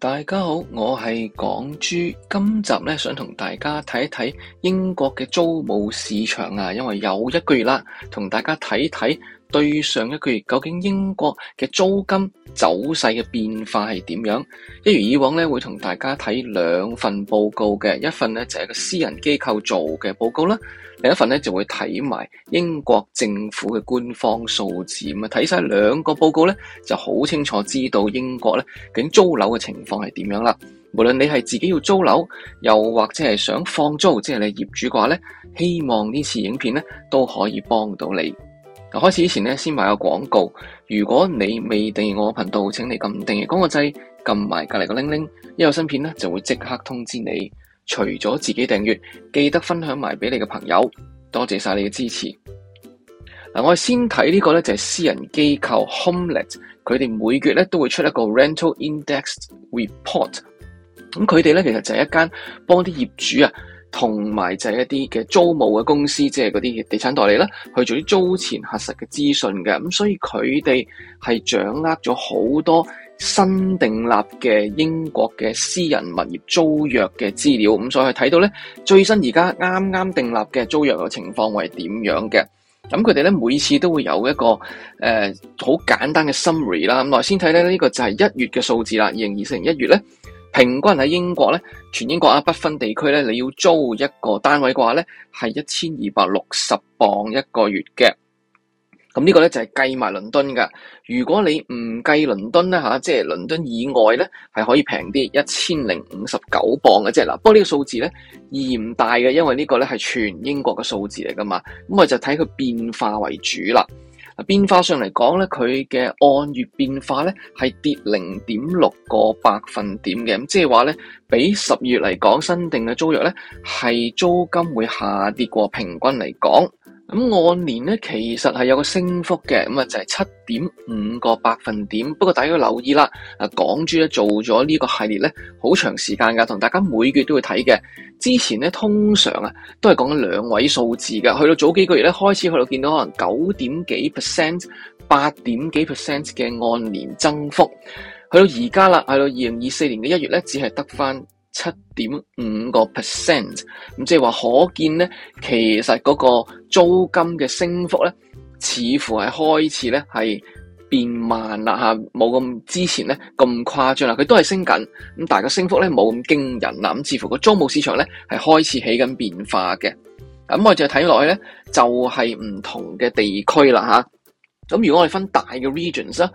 大家好，我係港豬。今集呢，想同大家睇一睇英國嘅租務市場啊，因為有一個月啦，同大家睇睇。對上一個月，究竟英國嘅租金走勢嘅變化係點樣？一如以往咧，會同大家睇兩份報告嘅，一份咧就係個私人機構做嘅報告啦，另一份咧就會睇埋英國政府嘅官方數字。咁啊，睇晒兩個報告咧，就好清楚知道英國咧，究竟租樓嘅情況係點樣啦。無論你係自己要租樓，又或者係想放租，即係你業主嘅話咧，希望呢次影片咧都可以幫到你。嗱，開始之前咧，先買個廣告。如果你未訂閱我頻道，請你撳訂閱嗰個掣，撳埋隔離個鈴鈴，一有新片咧就會即刻通知你。除咗自己訂閱，記得分享埋俾你嘅朋友。多謝晒你嘅支持。嗱，我哋先睇呢個咧，就係私人機構 Homelet，佢哋每月咧都會出一個 Rental Index Report。咁佢哋咧其實就係一間幫啲業主啊。同埋就係一啲嘅租務嘅公司，即係嗰啲地產代理啦，去做啲租前核實嘅資訊嘅，咁所以佢哋係掌握咗好多新訂立嘅英國嘅私人物業租約嘅資料，咁所以去睇到咧最新而家啱啱訂立嘅租約嘅情況係點樣嘅？咁佢哋咧每次都會有一個誒好、呃、簡單嘅 summary 啦，咁來先睇咧呢個就係一月嘅數字啦，二零二四年一月咧。平均喺英國咧，全英國啊，不分地區咧，你要租一個單位嘅話咧，係一千二百六十磅一個月嘅。咁呢個咧就係、是、計埋倫敦噶。如果你唔計倫敦咧嚇，即係倫敦以外咧，係可以平啲一千零五十九磅嘅。即係嗱，不過呢個數字咧意義唔大嘅，因為呢個咧係全英國嘅數字嚟噶嘛。咁我就睇佢變化為主啦。變化上嚟講咧，佢嘅按月變化咧係跌零點六個百分點嘅，咁即係話咧，比十月嚟講新定嘅租約咧係租金會下跌過平均嚟講。咁按年咧，其實係有個升幅嘅，咁啊，就係七點五個百分點。不過大家留意啦，啊港豬咧做咗呢個系列咧，好長時間噶，同大家每個月都會睇嘅。之前咧通常啊都係講緊兩位數字噶，去到早幾個月咧開始去到見到可能九點幾 percent、八點幾 percent 嘅按年增幅，去到而家啦，去到二零二四年嘅一月咧，只係得翻，七點五個 percent，咁即係話可見咧，其實嗰個租金嘅升幅咧，似乎係開始咧係變慢啦吓，冇咁之前咧咁誇張啦，佢都係升緊，咁但係個升幅咧冇咁驚人啦，咁似乎個租務市場咧係開始起緊變化嘅，咁我哋就睇落去咧就係唔同嘅地區啦吓，咁如果我哋分大嘅 regions 啊。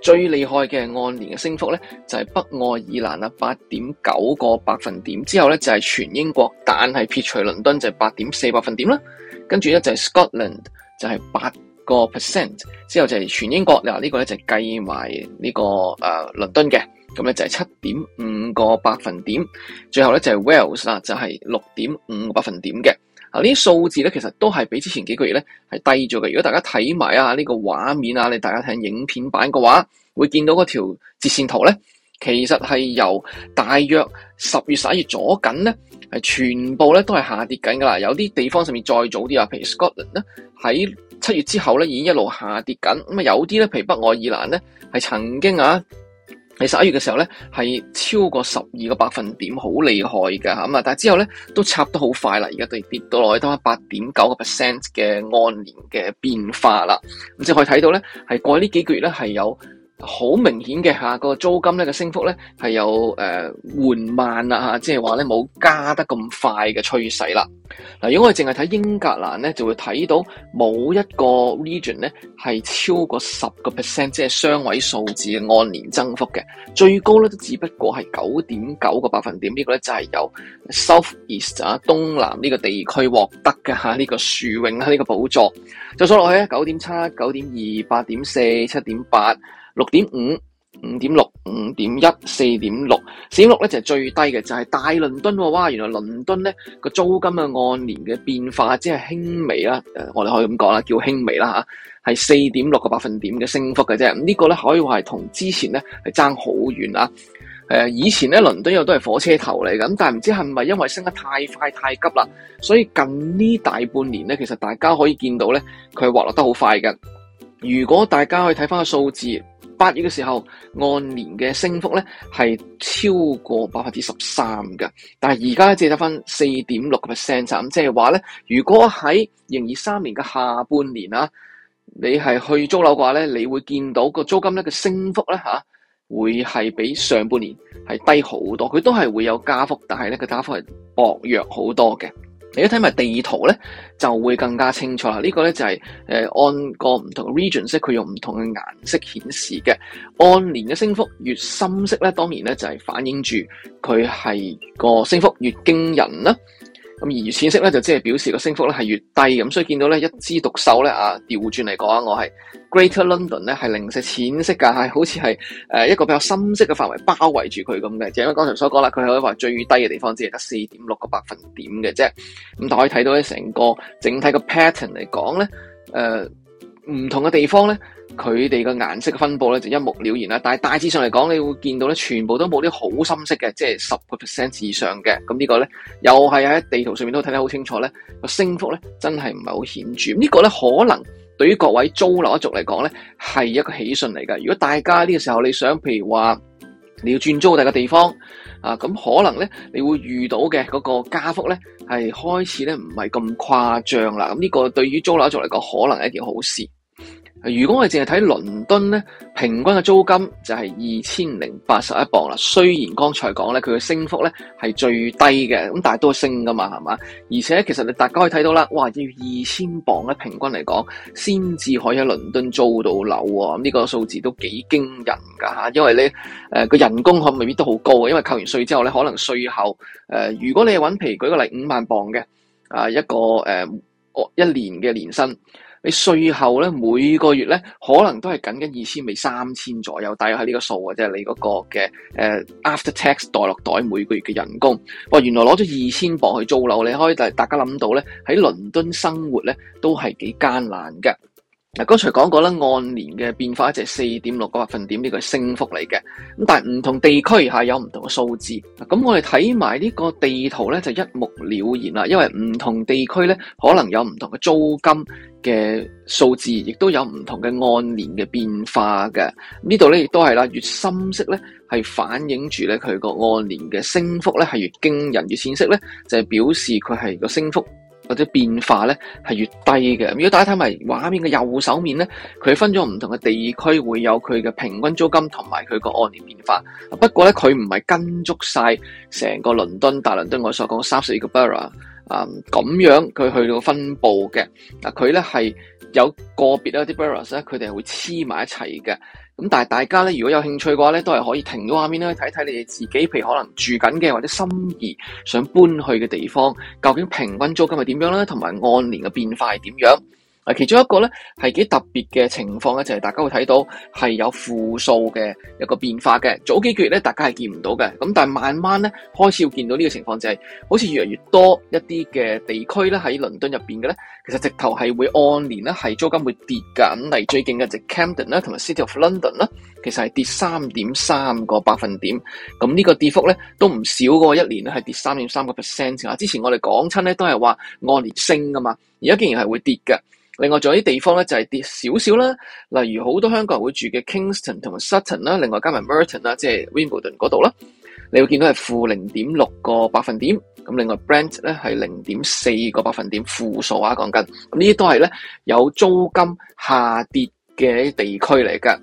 最厲害嘅按年嘅升幅咧，就係北愛爾蘭啊，八點九個百分點。之後咧就係全英國，但係撇除倫敦就係八點四百分點啦。跟住咧就係 Scotland 就係八個 percent，之後就係全英國。嗱，呢個咧就係計埋呢個誒倫敦嘅咁咧就係七點五個百分點。最後咧就係 Wales 啦，就係六點五個百分點嘅。呢啲數字咧，其實都係比之前幾個月咧係低咗嘅。如果大家睇埋啊呢個畫面啊，你大家睇影片版嘅話，會見到嗰條折線圖咧，其實係由大約十月十一月左右咧，係全部咧都係下跌緊㗎啦。有啲地方上面再早啲啊，譬如 Scotland 咧喺七月之後咧已經一路下跌緊。咁啊有啲咧，譬如北愛爾蘭咧係曾經啊。你十一月嘅時候咧，係超過十二個百分點，好厲害嘅嚇嘛！但係之後咧，都插得好快啦，而家跌跌到落去都係八點九個 percent 嘅按年嘅變化啦。咁即係可以睇到咧，係過呢幾個月咧係有好明顯嘅嚇，個租金咧嘅升幅咧係有誒緩慢啦，嚇，即係話咧冇加得咁快嘅趨勢啦。嗱，如果我哋淨係睇英格蘭咧，就會睇到冇一個 region 咧係超過十個 percent，即係雙位數字嘅按年增幅嘅。最高咧都只不過係九點九個百分點，呢個咧就係由 South East 啊，東南呢個地區獲得嘅嚇，呢個殊榮啊，呢個寶座。就數落去咧，九點七、九點二、八點四、七點八。六點五、五點六、五點一、四點六，四點六咧就係最低嘅，就係、是、大倫敦喎。哇！原來倫敦咧個租金嘅按年嘅變化即係輕微啦。誒，我哋可以咁講啦，叫輕微啦吓，係四點六個百分點嘅升幅嘅啫。呢、這個咧可以話係同之前咧係爭好遠啦。誒，以前咧倫敦又都係火車頭嚟嘅咁，但係唔知係唔係因為升得太快太急啦，所以近呢大半年咧，其實大家可以見到咧，佢係滑落得好快嘅。如果大家可以睇翻個數字。八月嘅時候，按年嘅升幅咧係超過百分之十三嘅，但係而家剩得返四點六個 percent 咁，即係話咧，如果喺二三年嘅下半年啊，你係去租樓嘅話咧，你會見到個租金咧嘅升幅咧嚇，會係比上半年係低好多，佢都係會有加幅，但係咧個加幅係薄弱好多嘅。一睇埋地圖咧，就會更加清楚啦。這個、呢個咧就係、是、誒按個唔同嘅 region，即係佢用唔同嘅顏色顯示嘅。按年嘅升幅越深色咧，當然咧就係、是、反映住佢係個升幅越驚人啦。咁而淺色咧就即係表示個升幅咧係越低咁，所以見到咧一枝獨秀咧啊，調轉嚟講，我係 Greater London 咧係零舍淺色㗎，係好似係誒一個比較深色嘅範圍包圍住佢咁嘅，就因為剛才所講啦，佢可以話最低嘅地方只係得四點六個百分點嘅啫，咁但係可以睇到咧成個整體個 pattern 嚟講咧，誒、呃。唔同嘅地方咧，佢哋嘅顏色嘅分佈咧就一目了然啦。但係大致上嚟講，你會見到咧，全部都冇啲好深色嘅，即係十個 percent 以上嘅。咁呢個咧，又係喺地圖上面都睇得好清楚咧。個升幅咧，真係唔係好顯著。咁呢個咧，可能對於各位租樓一族嚟講咧，係一個喜訊嚟㗎。如果大家呢個時候你想，譬如話你要轉租第個地方啊，咁、嗯、可能咧，你會遇到嘅嗰個加幅咧，係開始咧唔係咁誇張啦。咁呢個對於租樓一族嚟講，可能係一件好事。如果我哋淨係睇倫敦咧，平均嘅租金就係二千零八十一磅啦。雖然剛才講咧，佢嘅升幅咧係最低嘅，咁但係都係升噶嘛，係嘛？而且其實你大家可以睇到啦，哇，要二千磅咧平均嚟講，先至可以喺倫敦租到樓喎。咁呢個數字都幾驚人噶吓，因為咧，誒、呃、個人工可未必都好高嘅，因為扣完稅之後咧，可能稅後誒、呃，如果你係搵皮舉個例，五萬磅嘅啊一個誒、呃，一年嘅年薪。你稅後咧每個月咧可能都係僅僅二千，未三千左右，大約喺呢個數啊，即係你嗰個嘅誒 after tax 代落袋每個月嘅人工。哇，原來攞咗二千鎊去租樓，你可以，大家諗到咧喺倫敦生活咧都係幾艱難嘅。嗱，剛才講過啦，按年嘅變化就係四點六個百分點呢個升幅嚟嘅，咁但係唔同地區下有唔同嘅數字，咁我哋睇埋呢個地圖咧就一目了然啦，因為唔同地區咧可能有唔同嘅租金嘅數字，亦都有唔同嘅按年嘅變化嘅，呢度咧亦都係啦，越深色咧係反映住咧佢個按年嘅升幅咧係越驚人，越淺色咧就係、是、表示佢係個升幅。或者變化咧係越低嘅。如果大家睇埋畫面嘅右手面咧，佢分咗唔同嘅地區，會有佢嘅平均租金同埋佢個按年變化。不過咧，佢唔係跟足晒成個倫敦大倫敦我所講嘅三十幾個 borough 啊、嗯，咁樣佢去到分佈嘅，嗱佢咧係有個別嗰啲 boroughs 咧，佢哋係會黐埋一齊嘅。咁但係大家咧，如果有興趣嘅話咧，都係可以停到下面咧，睇睇你哋自己，譬如可能住緊嘅或者心儀想搬去嘅地方，究竟平均租金係點樣咧，同埋按年嘅變化係點樣？其中一個咧係幾特別嘅情況咧，就係大家會睇到係有負數嘅一個變化嘅。早幾個月咧，大家係見唔到嘅。咁但係慢慢咧，開始會見到呢個情況，就係好似越嚟越多一啲嘅地區咧，喺倫敦入邊嘅咧，其實直頭係會按年咧係租金會跌緊。嚟最近嘅就 Camden 啦，同埋 City of London 啦，其實係跌三點三個百分點。咁呢個跌幅咧都唔少喎，一年係跌三點三個 percent 啊。之前我哋講親咧都係話按年升噶嘛，而家竟然係會跌嘅。另外仲有啲地方咧就係跌少少啦，例如好多香港人會住嘅 Kingston 同埋 Sutton 啦，另外加埋 Merton 啦，即係 Wimbledon 嗰度啦，你會見到係負零點六個百分點。咁另外 Brent 咧係零點四個百分點負數啊，講緊咁呢啲都係咧有租金下跌嘅地區嚟噶。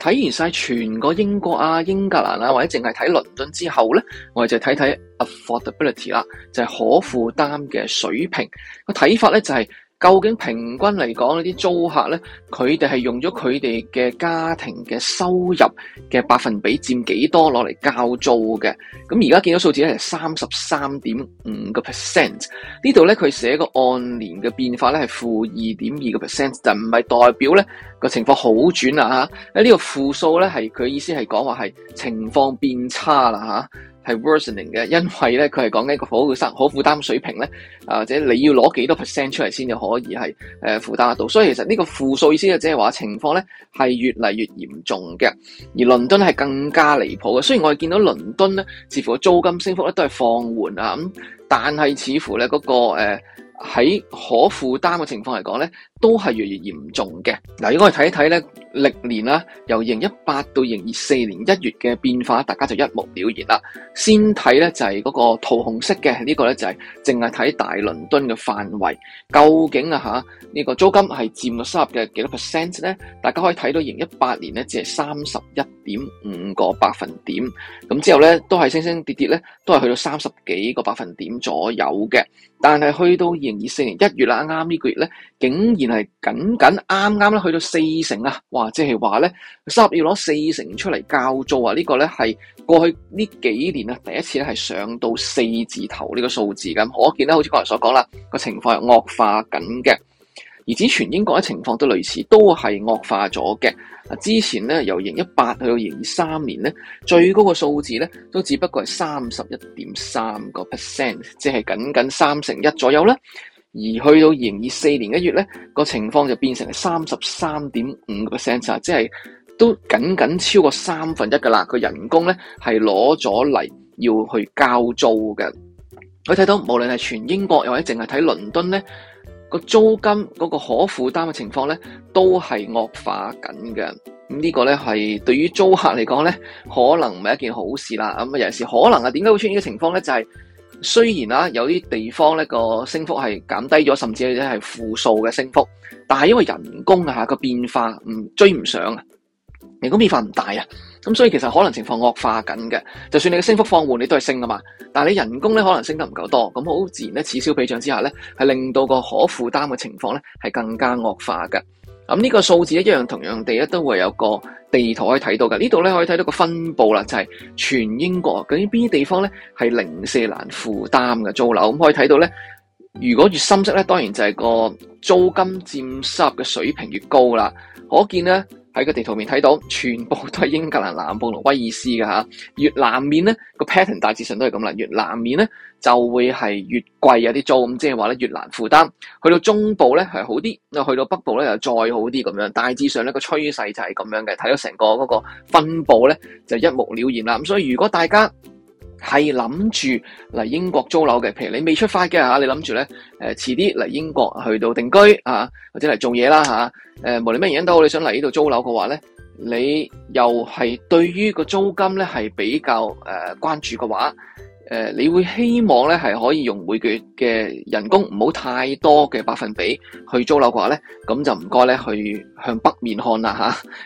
睇完晒全個英國啊、英格蘭啊，或者淨係睇倫敦之後咧，我哋就睇睇 affordability 啦，就係可負擔嘅水平個睇法咧就係。究竟平均嚟講呢啲租客咧，佢哋係用咗佢哋嘅家庭嘅收入嘅百分比佔幾多攞嚟交租嘅？咁而家見到數字咧係三十三點五個 percent，呢度咧佢寫個按年嘅變化咧係負二點二個 percent，就唔係代表咧個情況好轉啦吓，喺呢個負數咧係佢意思係講話係情況變差啦吓。係 worsening 嘅，因為咧佢係講緊一個可生可負擔水平咧，啊，或者你要攞幾多 percent 出嚟先至可以係誒負擔得到，所以其實呢個負數意思就即係話情況咧係越嚟越嚴重嘅，而倫敦係更加離譜嘅。雖然我哋見到倫敦咧，似乎個租金升幅咧都係放緩啊，咁但係似乎咧嗰個誒喺可負擔嘅情況嚟講咧，都係越嚟越嚴重嘅。嗱，如果我哋睇一睇咧。歷年啦，由二零一八到二零二四年一月嘅變化，大家就一目了然啦。先睇咧就係、是、嗰個桃紅色嘅，呢、這個咧就係淨係睇大倫敦嘅範圍。究竟啊嚇呢個租金係佔咗收入嘅幾多 percent 咧？大家可以睇到二零一八年咧只係三十一點五個百分點，咁之後咧都係升升跌跌咧，都係去到三十幾個百分點左右嘅。但係去到二零二四年一月啦，啱啱呢個月咧，竟然係僅僅啱啱咧去到四成啊！哇～即係話咧，三要攞四成出嚟交租啊！呢、呢個咧，係過去呢幾年啊，第一次咧係上到四字頭呢個數字咁。可見咧，好似剛才所講啦，個情況係惡化緊嘅。而之全英國嘅情況都類似，都係惡化咗嘅。之前咧由盈一八去到盈二三年咧，最高個數字咧都只不過係三十一點三個 percent，即係僅僅三成一左右啦。而去到二零二四年一月咧，個情況就變成三十三點五個 percent，即係都僅僅超過三分一噶啦，個人工咧係攞咗嚟要去交租嘅。佢睇到無論係全英國又或者淨係睇倫敦咧，個租金嗰個可負擔嘅情況咧都係惡化緊嘅。咁、這個、呢個咧係對於租客嚟講咧可能唔係一件好事啦。咁啊有陣時可能啊，點解會出現呢個情況咧？就係、是。雖然啦，有啲地方咧個升幅係減低咗，甚至係負數嘅升幅，但係因為人工啊個變化唔追唔上啊，人工變化唔大啊，咁所以其實可能情況惡化緊嘅。就算你嘅升幅放緩，你都係升啊嘛，但係你人工咧可能升得唔夠多，咁好自然咧，此消彼長之下咧，係令到個可負擔嘅情況咧係更加惡化嘅。咁、這、呢個數字一樣同樣地，都會有個地圖可以睇到嘅。呢度咧可以睇到個分佈啦，就係、是、全英國究竟邊啲地方咧係零舍難負擔嘅租樓。咁可以睇到咧，如果越深色咧，當然就係個租金佔收入嘅水平越高啦。可見咧。喺個地圖面睇到，全部都係英格蘭南部同威爾斯嘅嚇。越南面咧，個 pattern 大致上都係咁啦。越南面咧，就會係越貴有啲租，咁即係話咧，越難負擔。去到中部咧係好啲，去到北部咧又再好啲咁樣。大致上咧，個趨勢就係咁樣嘅，睇到成個嗰個分佈咧就一目了然啦。咁所以如果大家，係諗住嚟英國租樓嘅，譬如你未出發嘅吓，你諗住咧，誒、呃，遲啲嚟英國去到定居啊，或者嚟做嘢啦吓，誒、啊呃，無論咩原因都好，你想嚟呢度租樓嘅話咧，你又係對於個租金咧係比較誒、呃、關注嘅話。誒，你會希望咧，係可以用每個月嘅人工唔好太多嘅百分比去租樓嘅話咧，咁就唔該咧，去向北面看啦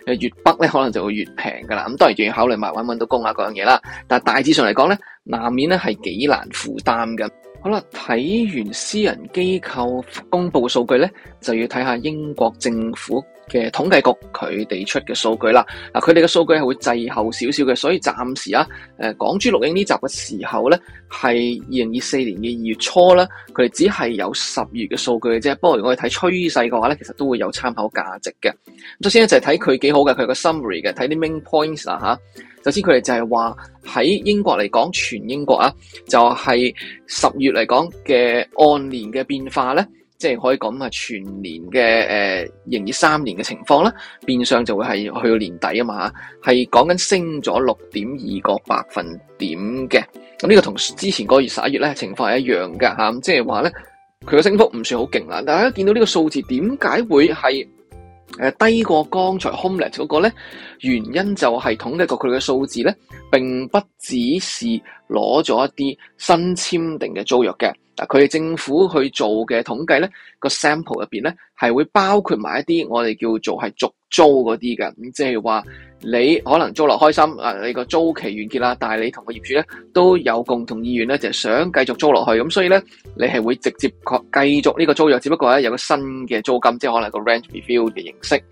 吓。誒，越北咧可能就會越平噶啦。咁當然仲要考慮埋揾唔揾到工啊嗰樣嘢啦。但係大致上嚟講咧，南面咧係幾難負擔㗎。好啦，睇完私人機構公布嘅數據咧，就要睇下英國政府。嘅統計局佢哋出嘅數據啦，嗱佢哋嘅數據係會滯後少少嘅，所以暫時啊，誒港豬錄影呢集嘅時候咧，係二零二四年嘅二月初啦，佢哋只係有十月嘅數據嘅啫。不過如果我哋睇趨勢嘅話咧，其實都會有參考價值嘅。咁首先咧就係睇佢幾好嘅，佢個 summary 嘅，睇啲 main points 啊。吓，首先佢哋就係話喺英國嚟講，全英國啊，就係十月嚟講嘅按年嘅變化咧。即係可以講咁啊，全年嘅誒營業三年嘅情況啦，變相就會係去到年底啊嘛嚇，係講緊升咗六點二個百分點嘅。咁呢個同之前嗰月十一月咧情況係一樣噶、啊、即係話咧佢嘅升幅唔算好勁啊。大家見到呢個數字，點解會係低過剛才 HomeLet 嗰個咧？原因就係統計過佢嘅數字咧，並不只是攞咗一啲新簽訂嘅租約嘅。佢哋政府去做嘅統計咧，個 sample 入面咧係會包括埋一啲我哋叫做係續租嗰啲嘅，咁即係話你可能租落開心，啊你個租期完結啦，但係你同個業主咧都有共同意願咧，就係想繼續租落去，咁所以咧你係會直接確繼續呢個租約，只不過咧有個新嘅租金，即係可能個 range review 嘅形式。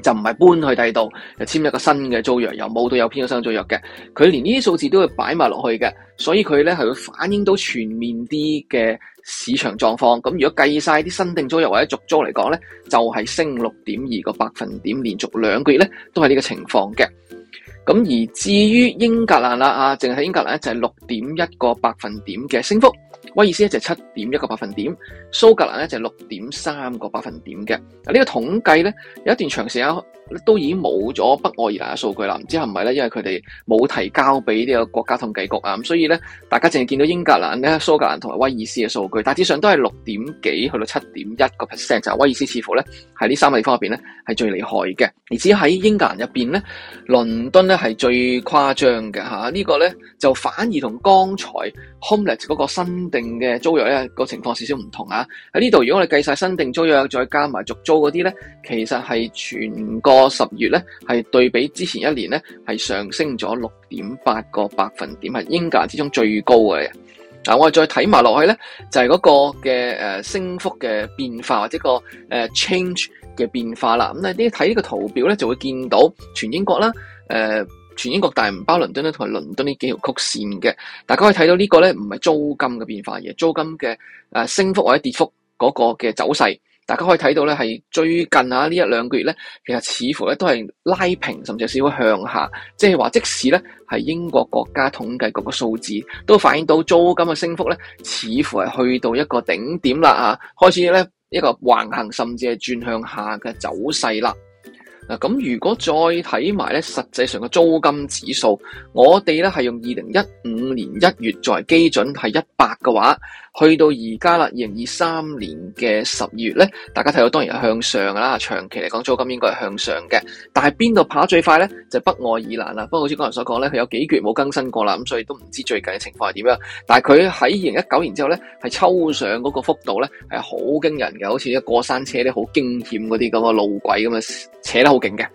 就唔係搬去第度又簽一個新嘅租約，又冇到有編嘅商租約嘅，佢連呢啲數字都會擺埋落去嘅，所以佢咧係會反映到全面啲嘅市場狀況。咁如果計晒啲新定租約或者續租嚟講咧，就係、是、升六點二個百分點，連續兩個月咧都係呢個情況嘅。咁而至於英格蘭啦，啊，淨係英格蘭咧就係六點一個百分點嘅升幅，威爾斯咧就係七點一個百分點，蘇格蘭咧就係六點三個百分點嘅。啊，呢個統計咧有一段長時間都已經冇咗北愛爾蘭嘅數據啦，唔知係唔係咧，因為佢哋冇提交俾呢個國家統計局啊，咁所以咧大家淨係見到英格蘭咧、蘇格蘭同埋威爾斯嘅數據，大致上都係六點幾去到七點一個 percent，就係威爾斯似乎咧喺呢三個地方入邊咧係最厲害嘅。而至於喺英格蘭入邊咧，倫敦呢係最誇張嘅吓。啊這個、呢個咧就反而同剛才 HomeLet 嗰個新定嘅租約咧、那個情況少少唔同啊喺呢度，如果我哋計晒新定租約再加埋續租嗰啲咧，其實係全個十月咧係對比之前一年咧係上升咗六點八個百分點，係英格蘭之中最高嘅。嗱、啊，我哋再睇埋落去咧，就係、是、嗰個嘅誒升幅嘅變化或者個誒 change 嘅變化啦。咁、啊、你啲睇呢個圖表咧，就會見到全英國啦。誒、呃，全英國大唔包倫敦咧，同埋倫敦呢幾條曲線嘅，大家可以睇到呢個咧，唔係租金嘅變化而係租金嘅誒升幅或者跌幅嗰個嘅走勢，大家可以睇到咧，係最近啊呢一兩個月咧，其實似乎咧都係拉平，甚至少少向下，即係話即使咧係英國國家統計局嘅數字，都反映到租金嘅升幅咧，似乎係去到一個頂點啦，啊，開始咧一個橫行，甚至係轉向下嘅走勢啦。嗱，咁如果再睇埋咧，實際上嘅租金指數，我哋咧係用二零一五年一月作為基準，係一百嘅話。去到而家啦，二零二三年嘅十二月咧，大家睇到當然係向上噶啦。長期嚟講，租金應該係向上嘅，但係邊度跑得最快咧？就係北愛爾蘭啦。不過好似剛才所講咧，佢有幾個月冇更新過啦，咁所以都唔知最近嘅情況係點樣。但係佢喺二零一九年之後咧，係抽上嗰個幅度咧係好驚人嘅，好似一過山車啲好驚險嗰啲咁嘅路軌咁啊，扯得好勁嘅。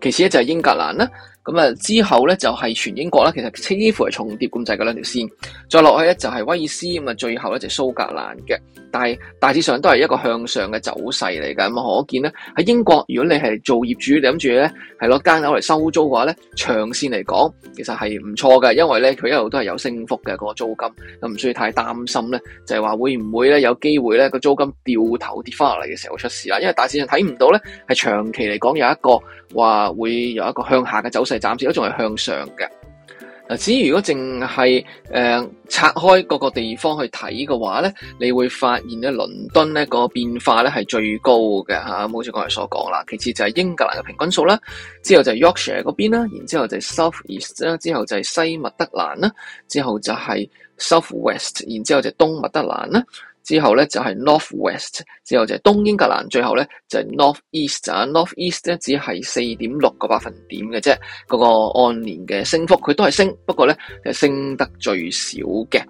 其次咧就係英格蘭啦。咁啊，之後咧就係、是、全英國啦，其實幾乎係重疊咁滯嘅兩條線，再落去咧就係威爾斯，咁啊最後咧就蘇格蘭嘅，但係大致上都係一個向上嘅走勢嚟嘅，咁可見咧喺英國，如果你係做業主，你諗住咧係攞間樓嚟收租嘅話咧，長線嚟講其實係唔錯嘅，因為咧佢一路都係有升幅嘅、個租金，咁唔需要太擔心咧，就係話會唔會咧有機會咧個租金掉頭跌翻落嚟嘅時候出事啦，因為大致上睇唔到咧係長期嚟講有一個話會有一個向下嘅走勢。係暫時都仲係向上嘅。嗱，至於如果淨係誒拆開各個地方去睇嘅話咧，你會發現咧倫敦咧、個變化咧係最高嘅吓，好、啊、似剛才所講啦。其次就係英格蘭嘅平均數啦，之後就係 Yorkshire 嗰邊啦，然之後就係 South East 啦，之後就係西密德蘭啦，之後就係 South West，然之後就係東密德蘭啦。之後咧就係 North West，之後就係東英格蘭，最後咧就係 North East，North East 咧 North East 只係四點六個百分點嘅啫，嗰個按年嘅升幅佢都係升，不過咧就升得最少嘅。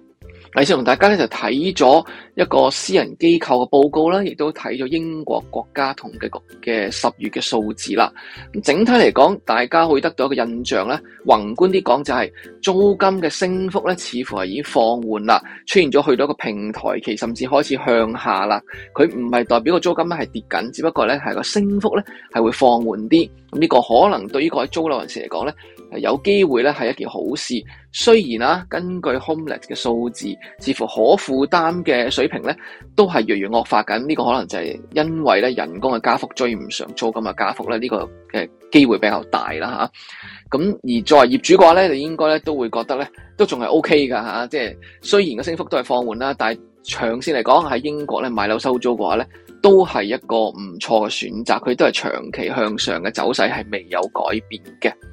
李先同大家咧就睇咗一個私人機構嘅報告啦，亦都睇咗英國國家統計局嘅十月嘅數字啦。咁整體嚟講，大家會得到一個印象咧，宏觀啲講就係、是、租金嘅升幅咧，似乎係已經放緩啦，出現咗去到一個平台期，甚至開始向下啦。佢唔係代表個租金咧係跌緊，只不過咧係個升幅咧係會放緩啲。咁、這、呢個可能對於各位租樓人士嚟講咧。有機會咧，係一件好事。雖然啦，根據 Homelet 嘅數字，似乎可負擔嘅水平咧，都係越嚟越惡化緊。呢、這個可能就係因為咧人工嘅加幅追唔上租金嘅加幅咧，呢、這個嘅機會比較大啦嚇。咁而作為業主嘅話咧，你應該咧都會覺得咧都仲係 OK 㗎嚇。即係雖然嘅升幅都係放緩啦，但係長線嚟講喺英國咧買樓收租嘅話咧，都係一個唔錯嘅選擇。佢都係長期向上嘅走勢，係未有改變嘅。